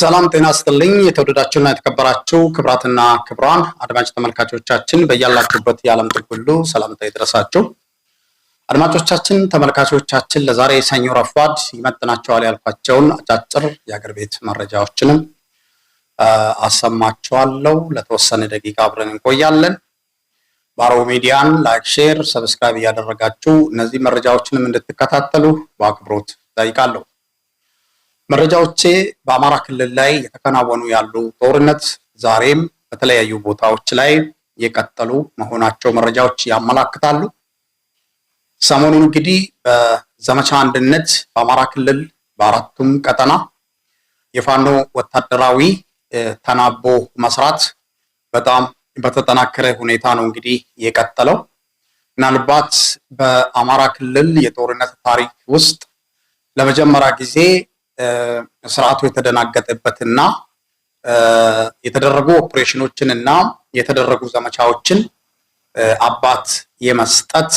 ሰላም ጤና ስጥልኝ። የተወደዳችሁና የተከበራችሁ ክብራትና ክብራን አድማጭ ተመልካቾቻችን በያላችሁበት የዓለም ጥግ ሁሉ ሰላምታ ይድረሳችሁ። አድማጮቻችን፣ ተመልካቾቻችን ለዛሬ የሰኞ ረፋድ ይመጥናቸዋል ያልኳቸውን አጫጭር የአገር ቤት መረጃዎችንም አሰማችኋለሁ። ለተወሰነ ደቂቃ አብረን እንቆያለን። ባሮ ሚዲያን ላይክ፣ ሼር፣ ሰብስክራይብ እያደረጋችሁ እነዚህ መረጃዎችንም እንድትከታተሉ በአክብሮት ጠይቃለሁ። መረጃዎቼ በአማራ ክልል ላይ የተከናወኑ ያሉ ጦርነት ዛሬም በተለያዩ ቦታዎች ላይ የቀጠሉ መሆናቸው መረጃዎች ያመላክታሉ። ሰሞኑን እንግዲህ በዘመቻ አንድነት በአማራ ክልል በአራቱም ቀጠና የፋኖ ወታደራዊ ተናቦ መስራት በጣም በተጠናከረ ሁኔታ ነው እንግዲህ የቀጠለው። ምናልባት በአማራ ክልል የጦርነት ታሪክ ውስጥ ለመጀመሪያ ጊዜ ስርዓቱ የተደናገጠበትና የተደረጉ ኦፕሬሽኖችን እና የተደረጉ ዘመቻዎችን አባት የመስጠት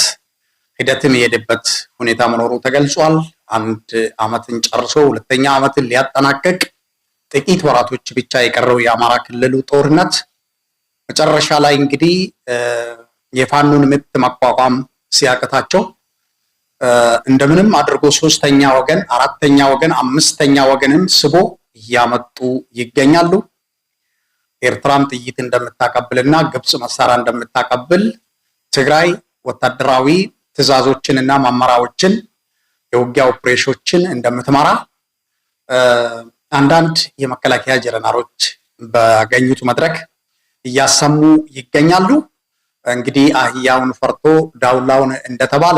ሂደትም የሄደበት ሁኔታ መኖሩ ተገልጿል። አንድ ዓመትን ጨርሶ ሁለተኛ ዓመትን ሊያጠናቀቅ ጥቂት ወራቶች ብቻ የቀረው የአማራ ክልሉ ጦርነት መጨረሻ ላይ እንግዲህ የፋኖን ምት መቋቋም ሲያቅታቸው እንደምንም አድርጎ ሶስተኛ ወገን፣ አራተኛ ወገን፣ አምስተኛ ወገንም ስቦ እያመጡ ይገኛሉ። ኤርትራም ጥይት እንደምታቀብልና ግብፅ መሳሪያ እንደምታቀብል ትግራይ ወታደራዊ ትዕዛዞችንና ማመራዎችን የውጊያ ኦፕሬሽኖችን እንደምትመራ አንዳንድ የመከላከያ ጀነራሎች በገኙት መድረክ እያሰሙ ይገኛሉ። እንግዲህ አህያውን ፈርቶ ዳውላውን እንደተባለ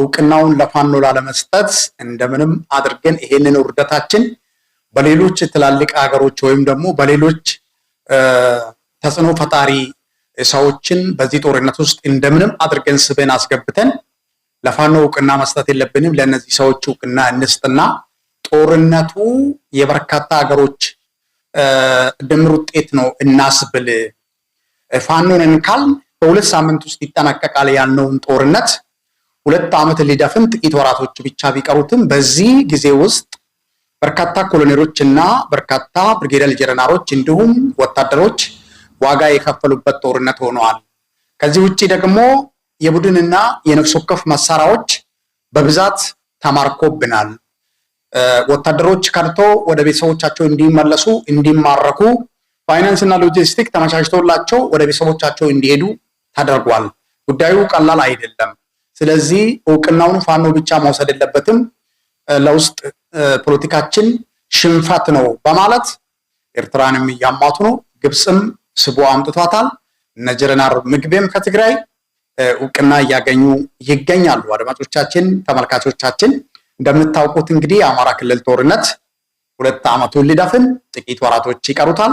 እውቅናውን ለፋኖ ላለመስጠት እንደምንም አድርገን ይሄንን ውርደታችን በሌሎች ትላልቅ ሀገሮች ወይም ደግሞ በሌሎች ተጽዕኖ ፈጣሪ ሰዎችን በዚህ ጦርነት ውስጥ እንደምንም አድርገን ስበን አስገብተን ለፋኖ እውቅና መስጠት የለብንም። ለእነዚህ ሰዎች እውቅና እንስጥና ጦርነቱ የበርካታ ሀገሮች ድምር ውጤት ነው እናስብል። ፋኖን ካል በሁለት ሳምንት ውስጥ ይጠናቀቃል ያልነውን ጦርነት ሁለት ዓመት ሊደፍን ጥቂት ወራቶች ብቻ ቢቀሩትም በዚህ ጊዜ ውስጥ በርካታ ኮሎኔሎች እና በርካታ ብርጌደል ጀነራሎች እንዲሁም ወታደሮች ዋጋ የከፈሉበት ጦርነት ሆነዋል። ከዚህ ውጭ ደግሞ የቡድንና የነፍስ ወከፍ መሳሪያዎች በብዛት ተማርኮብናል። ወታደሮች ከድቶ ወደ ቤተሰቦቻቸው እንዲመለሱ እንዲማረኩ፣ ፋይናንስ እና ሎጂስቲክ ተመቻችቶላቸው ወደ ቤተሰቦቻቸው እንዲሄዱ ተደርጓል። ጉዳዩ ቀላል አይደለም። ስለዚህ እውቅናውን ፋኖ ብቻ መውሰድ የለበትም፣ ለውስጥ ፖለቲካችን ሽንፈት ነው በማለት ኤርትራንም እያማቱ ነው። ግብፅም ስቦ አምጥቷታል። እነ ጀነራል ምግቤም ከትግራይ እውቅና እያገኙ ይገኛሉ። አድማጮቻችን፣ ተመልካቾቻችን እንደምታውቁት እንግዲህ የአማራ ክልል ጦርነት ሁለት ዓመቱን ሊደፍን ጥቂት ወራቶች ይቀሩታል።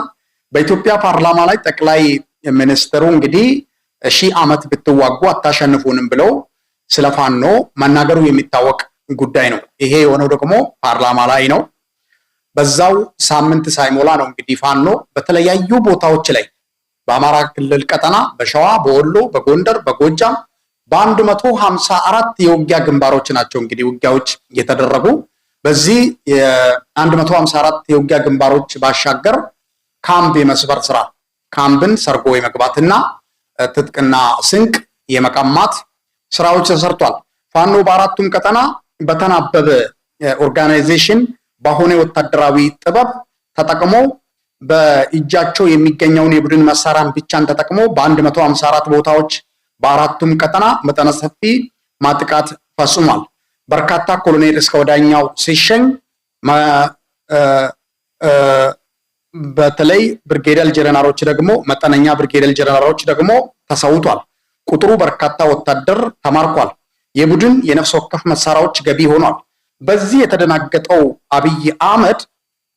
በኢትዮጵያ ፓርላማ ላይ ጠቅላይ ሚኒስትሩ እንግዲህ ሺህ ዓመት ብትዋጉ አታሸንፉንም ብለው ስለ ፋኖ መናገሩ የሚታወቅ ጉዳይ ነው። ይሄ የሆነው ደግሞ ፓርላማ ላይ ነው። በዛው ሳምንት ሳይሞላ ነው እንግዲህ ፋኖ በተለያዩ ቦታዎች ላይ በአማራ ክልል ቀጠና በሸዋ፣ በወሎ፣ በጎንደር፣ በጎጃም በአንድ መቶ ሀምሳ አራት የውጊያ ግንባሮች ናቸው እንግዲህ ውጊያዎች የተደረጉ በዚህ የአንድ መቶ ሀምሳ አራት የውጊያ ግንባሮች ባሻገር ካምፕ የመስበር ስራ ካምፕን ሰርጎ የመግባትና ትጥቅና ስንቅ የመቀማት ስራዎች ተሰርቷል። ፋኖ በአራቱም ቀጠና በተናበበ ኦርጋናይዜሽን በሆነ ወታደራዊ ጥበብ ተጠቅሞ በእጃቸው የሚገኘውን የቡድን መሳሪያን ብቻን ተጠቅሞ በ154 ቦታዎች በአራቱም ቀጠና መጠነ ሰፊ ማጥቃት ፈጽሟል። በርካታ ኮሎኔል እስከ ወዳኛው ሲሸኝ፣ በተለይ ብርጌደል ጀነራሎች ደግሞ መጠነኛ ብርጌደል ጀነራሎች ደግሞ ተሰውቷል። ቁጥሩ በርካታ ወታደር ተማርኳል። የቡድን የነፍስ ወከፍ መሳሪያዎች ገቢ ሆኗል። በዚህ የተደናገጠው አብይ አህመድ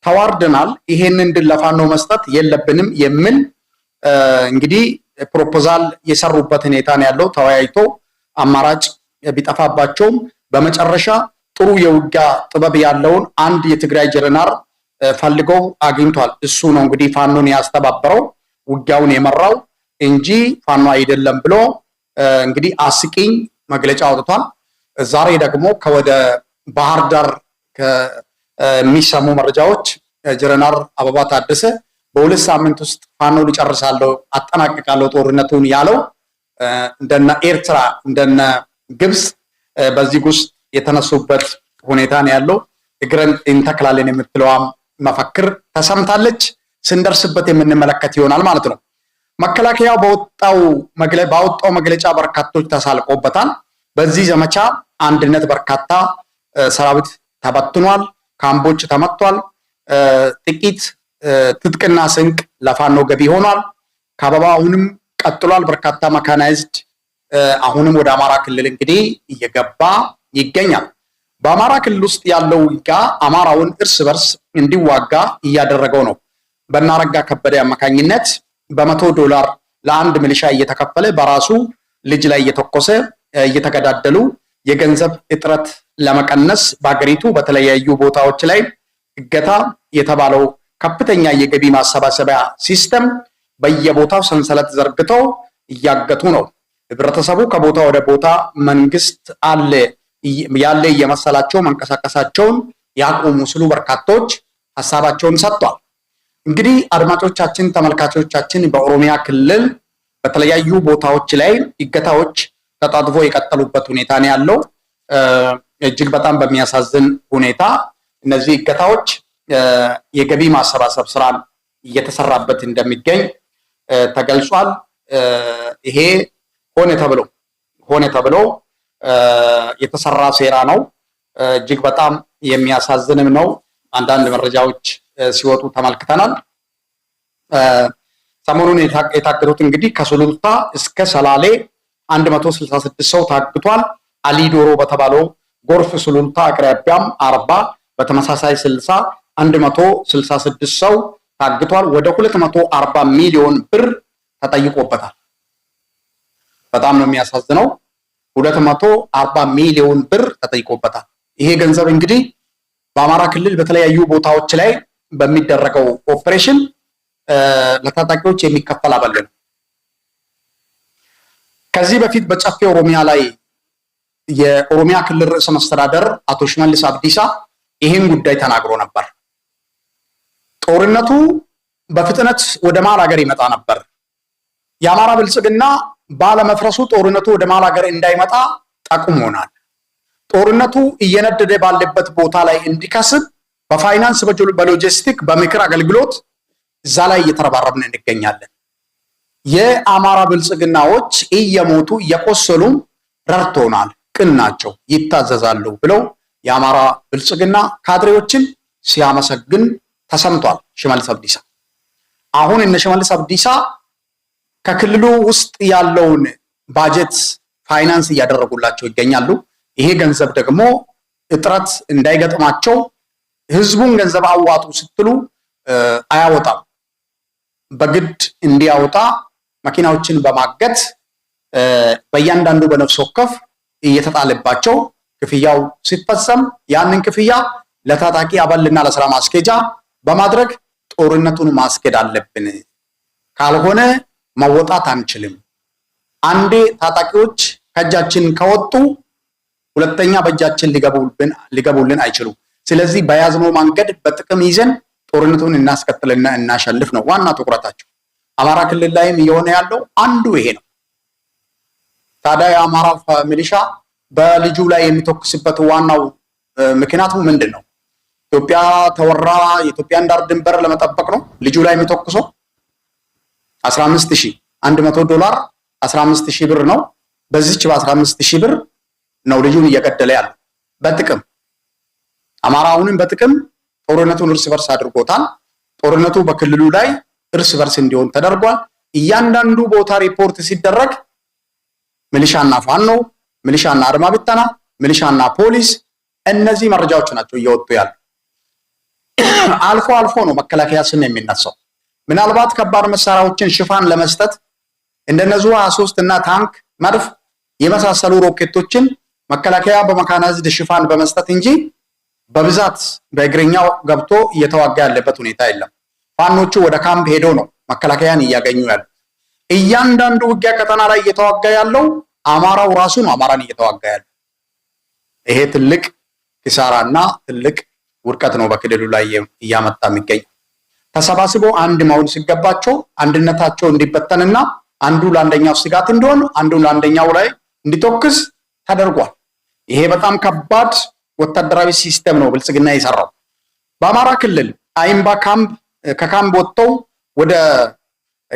ተዋርደናል፣ ይሄንን ድል ለፋኖ መስጠት የለብንም የሚል እንግዲህ ፕሮፖዛል የሰሩበት ሁኔታ ነው ያለው። ተወያይቶ አማራጭ ቢጠፋባቸውም በመጨረሻ ጥሩ የውጊያ ጥበብ ያለውን አንድ የትግራይ ጀነራል ፈልገው አግኝቷል። እሱ ነው እንግዲህ ፋኖን ያስተባበረው ውጊያውን የመራው እንጂ ፋኖ አይደለም ብሎ እንግዲህ አስቂኝ መግለጫ አውጥቷል። ዛሬ ደግሞ ከወደ ባህር ዳር ከሚሰሙ መረጃዎች ጀነራል አበባ ታደሰ በሁለት ሳምንት ውስጥ ፋኖ እጨርሳለሁ አጠናቅቃለሁ ጦርነቱን ያለው እንደነ ኤርትራ እንደነ ግብፅ በዚህ ውስጥ የተነሱበት ሁኔታ ነው ያለው። እግረን እንተክላለን የምትለዋም መፈክር ተሰምታለች። ስንደርስበት የምንመለከት ይሆናል ማለት ነው። መከላከያው በወጣው ባወጣው መግለጫ በርካቶች ተሳልቆበታል። በዚህ ዘመቻ አንድነት በርካታ ሰራዊት ተበትኗል፣ ካምቦች ተመቷል፣ ጥቂት ትጥቅና ስንቅ ለፋኖ ገቢ ሆኗል። ከበባ አሁንም ቀጥሏል። በርካታ መካናይዝድ አሁንም ወደ አማራ ክልል እንግዲህ እየገባ ይገኛል። በአማራ ክልል ውስጥ ያለው ውጊያ አማራውን እርስ በርስ እንዲዋጋ እያደረገው ነው። በእናረጋ ከበደ አማካኝነት በመቶ ዶላር ለአንድ ሚሊሻ እየተከፈለ በራሱ ልጅ ላይ እየተኮሰ እየተገዳደሉ የገንዘብ እጥረት ለመቀነስ በሀገሪቱ በተለያዩ ቦታዎች ላይ እገታ የተባለው ከፍተኛ የገቢ ማሰባሰቢያ ሲስተም በየቦታው ሰንሰለት ዘርግተው እያገቱ ነው። ህብረተሰቡ ከቦታ ወደ ቦታ መንግስት አለ ያለ እየመሰላቸው መንቀሳቀሳቸውን ያቆሙ ስሉ በርካቶች ሀሳባቸውን ሰጥቷል። እንግዲህ አድማጮቻችን፣ ተመልካቾቻችን በኦሮሚያ ክልል በተለያዩ ቦታዎች ላይ እገታዎች ተጣጥፎ የቀጠሉበት ሁኔታ ነው ያለው። እጅግ በጣም በሚያሳዝን ሁኔታ እነዚህ እገታዎች የገቢ ማሰባሰብ ስራን እየተሰራበት እንደሚገኝ ተገልጿል። ይሄ ሆነ ተብሎ ሆነ ተብሎ የተሰራ ሴራ ነው። እጅግ በጣም የሚያሳዝንም ነው። አንዳንድ መረጃዎች ሲወጡ ተመልክተናል። ሰሞኑን የታገቱት እንግዲህ ከሱሉልታ እስከ ሰላሌ 166 ሰው ታግቷል። አሊ ዶሮ በተባለው ጎርፍ ሱሉልታ አቅራቢያም አርባ በተመሳሳይ 60 166 ሰው ታግቷል። ወደ 240 ሚሊዮን ብር ተጠይቆበታል። በጣም ነው የሚያሳዝነው። 240 ሚሊዮን ብር ተጠይቆበታል። ይሄ ገንዘብ እንግዲህ በአማራ ክልል በተለያዩ ቦታዎች ላይ በሚደረገው ኦፕሬሽን ለታጣቂዎች የሚከፈል አበል ነው። ከዚህ በፊት በጨፌ ኦሮሚያ ላይ የኦሮሚያ ክልል ርዕሰ መስተዳደር አቶ ሽመልስ አብዲሳ ይህን ጉዳይ ተናግሮ ነበር። ጦርነቱ በፍጥነት ወደ ማል ሀገር ይመጣ ነበር። የአማራ ብልጽግና ባለመፍረሱ ጦርነቱ ወደ ማል ሀገር እንዳይመጣ ጠቁሞናል። ጦርነቱ እየነደደ ባለበት ቦታ ላይ እንዲከስብ በፋይናንስ በሎጂስቲክ በምክር አገልግሎት እዛ ላይ እየተረባረብን እንገኛለን። የአማራ ብልጽግናዎች እየሞቱ እየቆሰሉም ረድቶናል። ቅን ናቸው፣ ይታዘዛሉ ብለው የአማራ ብልጽግና ካድሬዎችን ሲያመሰግን ተሰምቷል። ሽመልስ አብዲሳ አሁን እነ ሽመልስ አብዲሳ ከክልሉ ውስጥ ያለውን ባጀት ፋይናንስ እያደረጉላቸው ይገኛሉ። ይሄ ገንዘብ ደግሞ እጥረት እንዳይገጥማቸው ህዝቡን ገንዘብ አዋጡ ስትሉ አያወጣም። በግድ እንዲያወጣ መኪናዎችን በማገት በእያንዳንዱ በነፍስ ወከፍ እየተጣለባቸው ክፍያው ሲፈጸም ያንን ክፍያ ለታጣቂ አባልና ለስራ ማስኬጃ በማድረግ ጦርነቱን ማስኬድ አለብን። ካልሆነ መወጣት አንችልም። አንዴ ታጣቂዎች ከእጃችን ከወጡ ሁለተኛ በእጃችን ሊገቡልን አይችሉም። ስለዚህ በያዝነው መንገድ በጥቅም ይዘን ጦርነቱን እናስከትልና እናሸልፍ ነው ዋና ትኩረታቸው። አማራ ክልል ላይም እየሆነ ያለው አንዱ ይሄ ነው። ታዲያ የአማራ ሚሊሻ በልጁ ላይ የሚተኩስበት ዋናው ምክንያቱ ምንድን ነው? ኢትዮጵያ ተወራ የኢትዮጵያን ዳር ድንበር ለመጠበቅ ነው ልጁ ላይ የሚተኩሰው። 15100 ዶላር 15000 ብር ነው። በዚች በ15000 ብር ነው ልጁን እየገደለ ያለው በጥቅም አማራውንም በጥቅም ጦርነቱን እርስ በርስ አድርጎታል። ጦርነቱ በክልሉ ላይ እርስ በርስ እንዲሆን ተደርጓል። እያንዳንዱ ቦታ ሪፖርት ሲደረግ ሚሊሻና ፋኖ፣ ሚሊሻና አድማ ብተና፣ ሚሊሻና ፖሊስ፣ እነዚህ መረጃዎች ናቸው እየወጡ ያሉ። አልፎ አልፎ ነው መከላከያ ስም የሚነሳው። ምናልባት ከባድ መሳሪያዎችን ሽፋን ለመስጠት እንደነዙ ሶስት እና ታንክ፣ መድፍ የመሳሰሉ ሮኬቶችን መከላከያ በመካናዝድ ሽፋን በመስጠት እንጂ በብዛት በእግረኛው ገብቶ እየተዋጋ ያለበት ሁኔታ የለም። ፋኖቹ ወደ ካምፕ ሄደው ነው መከላከያን እያገኙ ያሉት። እያንዳንዱ ውጊያ ቀጠና ላይ እየተዋጋ ያለው አማራው ራሱ ነው አማራን እየተዋጋ ያለው። ይሄ ትልቅ ኪሳራና ትልቅ ውድቀት ነው በክልሉ ላይ እያመጣ የሚገኝ ተሰባስቦ አንድ መሆን ሲገባቸው አንድነታቸው እንዲበተንና አንዱ ለአንደኛው ስጋት እንዲሆን አንዱ ለአንደኛው ላይ እንዲተኩስ ተደርጓል። ይሄ በጣም ከባድ ወታደራዊ ሲስተም ነው ብልጽግና የሰራው። በአማራ ክልል አይምባ ካምፕ ከካምፕ ወጥተው ወደ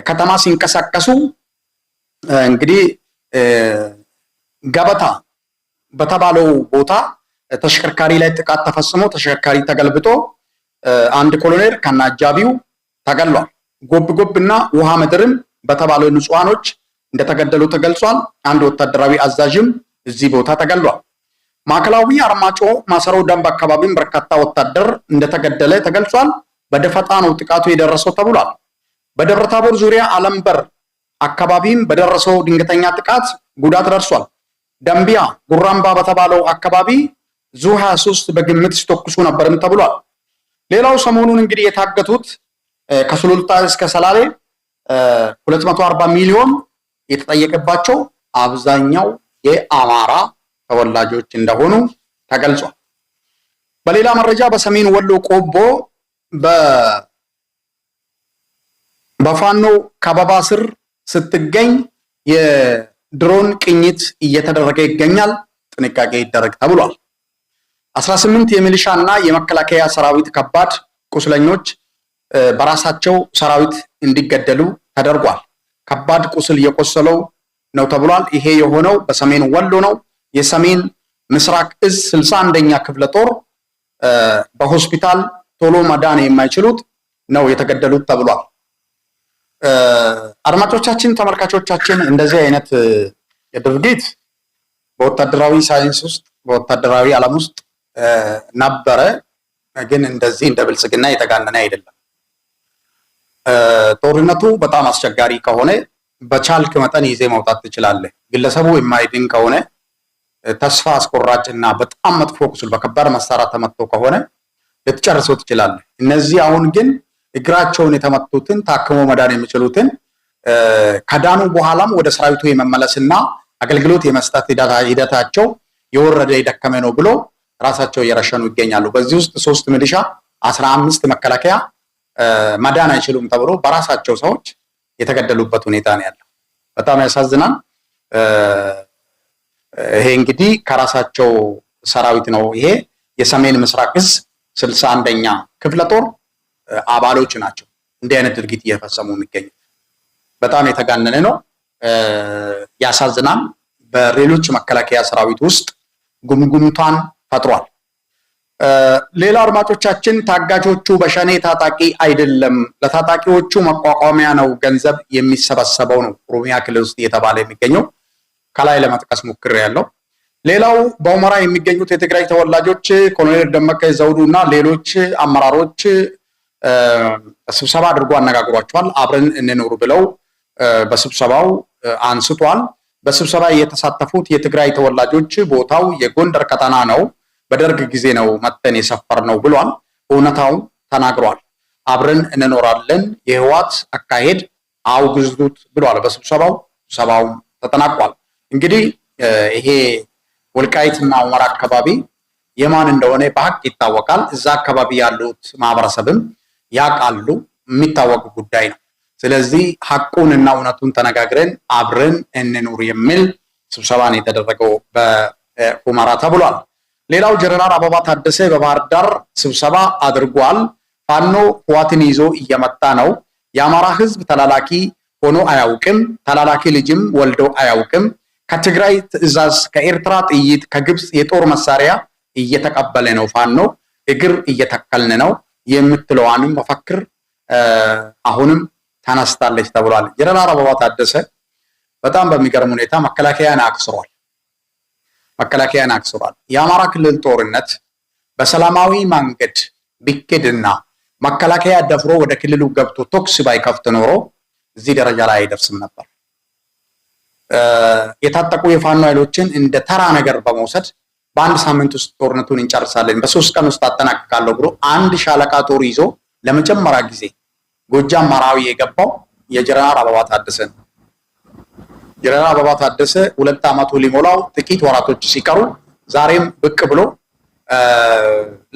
ከተማ ሲንቀሳቀሱ እንግዲህ ገበታ በተባለው ቦታ ተሽከርካሪ ላይ ጥቃት ተፈጽሞ ተሽከርካሪ ተገልብጦ አንድ ኮሎኔል ከነአጃቢው ተገሏል። ጎብ ጎብ እና ውሃ ምድርም በተባለው ንጹሃኖች እንደተገደሉ ተገልጿል። አንድ ወታደራዊ አዛዥም እዚህ ቦታ ተገሏል። ማዕከላዊ አርማጮ ማሰሮ ደንብ አካባቢም በርካታ ወታደር እንደተገደለ ተገልጿል። በደፈጣ ነው ጥቃቱ የደረሰው ተብሏል። በደብረታቦር ዙሪያ አለምበር አካባቢም በደረሰው ድንገተኛ ጥቃት ጉዳት ደርሷል። ደምቢያ ጉራምባ በተባለው አካባቢ ዙ 23 በግምት ሲተኩሱ ነበርም ተብሏል። ሌላው ሰሞኑን እንግዲህ የታገቱት ከሱሉልታ እስከ ሰላሌ 240 ሚሊዮን የተጠየቀባቸው አብዛኛው የአማራ ተወላጆች እንደሆኑ ተገልጿል። በሌላ መረጃ በሰሜን ወሎ ቆቦ በፋኖ ከበባ ስር ስትገኝ የድሮን ቅኝት እየተደረገ ይገኛል። ጥንቃቄ ይደረግ ተብሏል። 18 የሚሊሻ እና የመከላከያ ሰራዊት ከባድ ቁስለኞች በራሳቸው ሰራዊት እንዲገደሉ ተደርጓል። ከባድ ቁስል የቆሰለው ነው ተብሏል። ይሄ የሆነው በሰሜን ወሎ ነው። የሰሜን ምስራቅ እዝ ስልሳ አንደኛ ክፍለ ጦር በሆስፒታል ቶሎ መዳን የማይችሉት ነው የተገደሉት ተብሏል። አድማጮቻችን፣ ተመልካቾቻችን እንደዚህ አይነት ድርጊት በወታደራዊ ሳይንስ ውስጥ በወታደራዊ ዓለም ውስጥ ነበረ፣ ግን እንደዚህ እንደ ብልጽግና የተጋነነ አይደለም። ጦርነቱ በጣም አስቸጋሪ ከሆነ በቻልክ መጠን ይዜ መውጣት ትችላለህ። ግለሰቡ የማይድን ከሆነ ተስፋ አስቆራጭ እና በጣም መጥፎ ቁስል በከባድ መሳሪያ ተመቶ ከሆነ ልትጨርሰው ትችላለ። እነዚህ አሁን ግን እግራቸውን የተመቱትን ታክሞ መዳን የሚችሉትን ከዳኑ በኋላም ወደ ሰራዊቱ የመመለስና አገልግሎት የመስጠት ሂደታቸው የወረደ የደከመ ነው ብሎ ራሳቸው እየረሸኑ ይገኛሉ። በዚህ ውስጥ ሶስት ሚሊሻ አስራ አምስት መከላከያ መዳን አይችሉም ተብሎ በራሳቸው ሰዎች የተገደሉበት ሁኔታ ነው ያለው። በጣም ያሳዝናል። ይሄ እንግዲህ ከራሳቸው ሰራዊት ነው። ይሄ የሰሜን ምስራቅ እዝ ስልሳ አንደኛ ክፍለ ጦር አባሎች ናቸው እንዲህ አይነት ድርጊት እየፈጸሙ የሚገኙት። በጣም የተጋነነ ነው፣ ያሳዝናል። በሌሎች መከላከያ ሰራዊት ውስጥ ጉምጉምቷን ፈጥሯል። ሌላ አድማጮቻችን፣ ታጋቾቹ በሸኔ ታጣቂ አይደለም፣ ለታጣቂዎቹ መቋቋሚያ ነው ገንዘብ የሚሰበሰበው ነው ኦሮሚያ ክልል ውስጥ እየተባለ የሚገኘው ከላይ ለመጥቀስ ሞክር ያለው። ሌላው በሁመራ የሚገኙት የትግራይ ተወላጆች ኮሎኔል ደመቀ ዘውዱ እና ሌሎች አመራሮች ስብሰባ አድርጎ አነጋግሯቸዋል። አብረን እንኖሩ ብለው በስብሰባው አንስቷል። በስብሰባ የተሳተፉት የትግራይ ተወላጆች ቦታው የጎንደር ቀጠና ነው፣ በደርግ ጊዜ ነው መተን የሰፈር ነው ብሏል። እውነታው ተናግሯል። አብረን እንኖራለን የህዋት አካሄድ አውግዙት ብሏል በስብሰባው። ስብሰባው ተጠናቋል። እንግዲህ ይሄ ወልቃይትና አማራ አካባቢ የማን እንደሆነ በሀቅ ይታወቃል። እዛ አካባቢ ያሉት ማህበረሰብም ያውቃሉ፣ የሚታወቅ ጉዳይ ነው። ስለዚህ ሀቁን እና እውነቱን ተነጋግረን አብረን እንኑር የሚል ስብሰባን የተደረገው በሁመራ ተብሏል። ሌላው ጀነራል አበባ ታደሰ በባህር ዳር ስብሰባ አድርጓል። ፋኖ ህዋትን ይዞ እየመጣ ነው። የአማራ ህዝብ ተላላኪ ሆኖ አያውቅም። ተላላኪ ልጅም ወልዶ አያውቅም። ከትግራይ ትዕዛዝ፣ ከኤርትራ ጥይት፣ ከግብፅ የጦር መሳሪያ እየተቀበለ ነው ፋኖ እግር እየተከልን ነው የምትለዋንም መፈክር አሁንም ተነስታለች ተብሏል። ጀነራል አበባ ታደሰ በጣም በሚገርም ሁኔታ መከላከያን አክስሯል። መከላከያን አክስሯል። የአማራ ክልል ጦርነት በሰላማዊ መንገድ ቢኬድና መከላከያ ደፍሮ ወደ ክልሉ ገብቶ ቶክስ ባይከፍት ኖሮ እዚህ ደረጃ ላይ አይደርስም ነበር። የታጠቁ የፋኖ ኃይሎችን እንደ ተራ ነገር በመውሰድ በአንድ ሳምንት ውስጥ ጦርነቱን እንጨርሳለን፣ በሶስት ቀን ውስጥ አጠናቅቃለሁ ብሎ አንድ ሻለቃ ጦር ይዞ ለመጀመሪያ ጊዜ ጎጃም ማራዊ የገባው የጀነራል አበባ ታደሰ ነው። ጀነራል አበባ ታደሰ ሁለት ዓመቱ ሊሞላው ጥቂት ወራቶች ሲቀሩ ዛሬም ብቅ ብሎ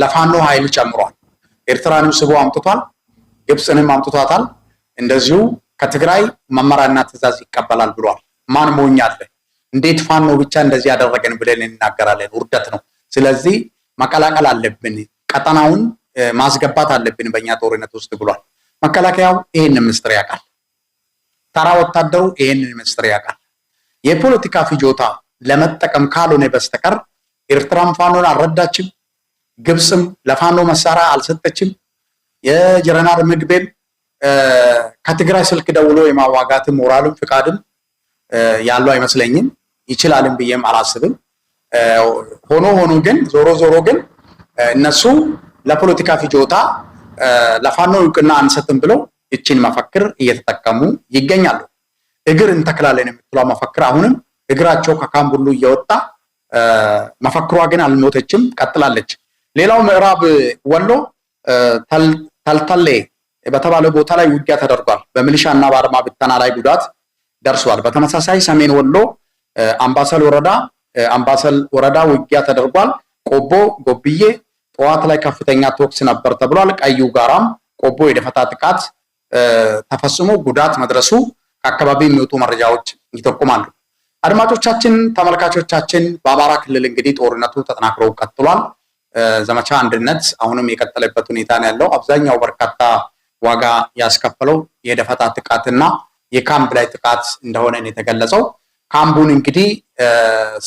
ለፋኖ ኃይል ጨምሯል። ኤርትራንም ስቦ አምጥቷል። ግብፅንም አምጥቷታል። እንደዚሁ ከትግራይ መመሪያና ትዕዛዝ ይቀበላል ብሏል። ማን ሞኛለ? አለ? እንዴት ፋኖ ብቻ እንደዚህ ያደረገን ብለን እንናገራለን? ውርደት ነው። ስለዚህ መቀላቀል አለብን፣ ቀጠናውን ማስገባት አለብን በእኛ ጦርነት ውስጥ ብሏል። መከላከያው ይሄንን ምስጥር ያውቃል። ተራ ወታደሩ ይሄንን ምስጥር ያውቃል። የፖለቲካ ፍጆታ ለመጠቀም ካልሆነ በስተቀር ኤርትራም ፋኖን አልረዳችም፣ ግብፅም ለፋኖ መሳሪያ አልሰጠችም። የጀረናል ምግቤም ከትግራይ ስልክ ደውሎ የማዋጋትም ሞራልም ፍቃድም ያሉ አይመስለኝም። ይችላልም ብዬም አላስብም። ሆኖ ሆኖ ግን ዞሮ ዞሮ ግን እነሱ ለፖለቲካ ፍጆታ ለፋኖ እውቅና አንሰጥም ብለው ይችን መፈክር እየተጠቀሙ ይገኛሉ። እግር እንተክላለን የምትለው መፈክር አሁንም እግራቸው ከካምቡሉ እየወጣ መፈክሯ ግን አልሞተችም፣ ቀጥላለች። ሌላው ምዕራብ ወሎ ተልተሌ በተባለ ቦታ ላይ ውጊያ ተደርጓል። በሚሊሻ እና በአድማ ብተና ላይ ጉዳት ደርሷል። በተመሳሳይ ሰሜን ወሎ አምባሰል ወረዳ አምባሰል ወረዳ ውጊያ ተደርጓል። ቆቦ ጎብዬ ጠዋት ላይ ከፍተኛ ተኩስ ነበር ተብሏል። ቀዩ ጋራም ቆቦ የደፈታ ጥቃት ተፈጽሞ ጉዳት መድረሱ ከአካባቢ የሚወጡ መረጃዎች ይጠቁማሉ። አድማጮቻችን፣ ተመልካቾቻችን በአማራ ክልል እንግዲህ ጦርነቱ ተጠናክሮ ቀጥሏል። ዘመቻ አንድነት አሁንም የቀጠለበት ሁኔታ ነው ያለው። አብዛኛው በርካታ ዋጋ ያስከፈለው የደፈታ ጥቃትና የካምፕ ላይ ጥቃት እንደሆነ የተገለጸው። ካምፑን እንግዲህ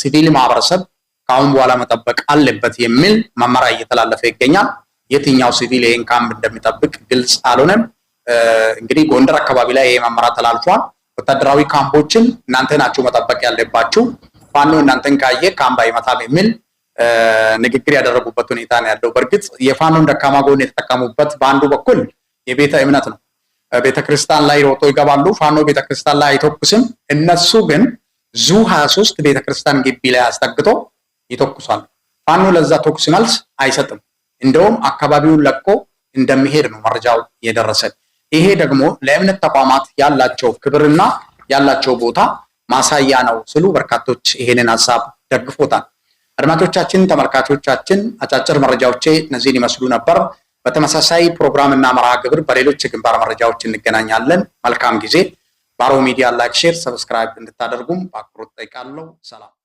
ሲቪል ማህበረሰብ ከአሁን በኋላ መጠበቅ አለበት የሚል መመሪያ እየተላለፈ ይገኛል። የትኛው ሲቪል ይህን ካምፕ እንደሚጠብቅ ግልጽ አልሆነም። እንግዲህ ጎንደር አካባቢ ላይ ይሄ መመሪያ ተላልፏል። ወታደራዊ ካምፖችን እናንተ ናችሁ መጠበቅ ያለባችሁ፣ ፋኖ እናንተን ካየ ካምፕ አይመታም የሚል ንግግር ያደረጉበት ሁኔታ ነው ያለው። በእርግጥ የፋኖን ደካማ ጎን የተጠቀሙበት በአንዱ በኩል የቤተ እምነት ነው ቤተክርስቲያን ላይ ሮጦ ይገባሉ። ፋኖ ቤተክርስቲያን ላይ አይተኩስም። እነሱ ግን ዙ 23 ቤተክርስቲያን ግቢ ላይ አስጠግቶ ይተኩሳሉ። ፋኖ ለዛ ተኩስ መልስ አይሰጥም። እንደውም አካባቢውን ለቆ እንደሚሄድ ነው መረጃው የደረሰን። ይሄ ደግሞ ለእምነት ተቋማት ያላቸው ክብርና ያላቸው ቦታ ማሳያ ነው ስሉ በርካቶች ይሄንን ሀሳብ ደግፎታል። አድማጮቻችን፣ ተመልካቾቻችን አጫጭር መረጃዎቼ እነዚህን ይመስሉ ነበር። በተመሳሳይ ፕሮግራምና መርሃ ግብር በሌሎች የግንባር መረጃዎች እንገናኛለን። መልካም ጊዜ። ባሮ ሚዲያ ላይክ፣ ሼር፣ ሰብስክራይብ እንድታደርጉም በአክብሮት ጠይቃለሁ። ሰላም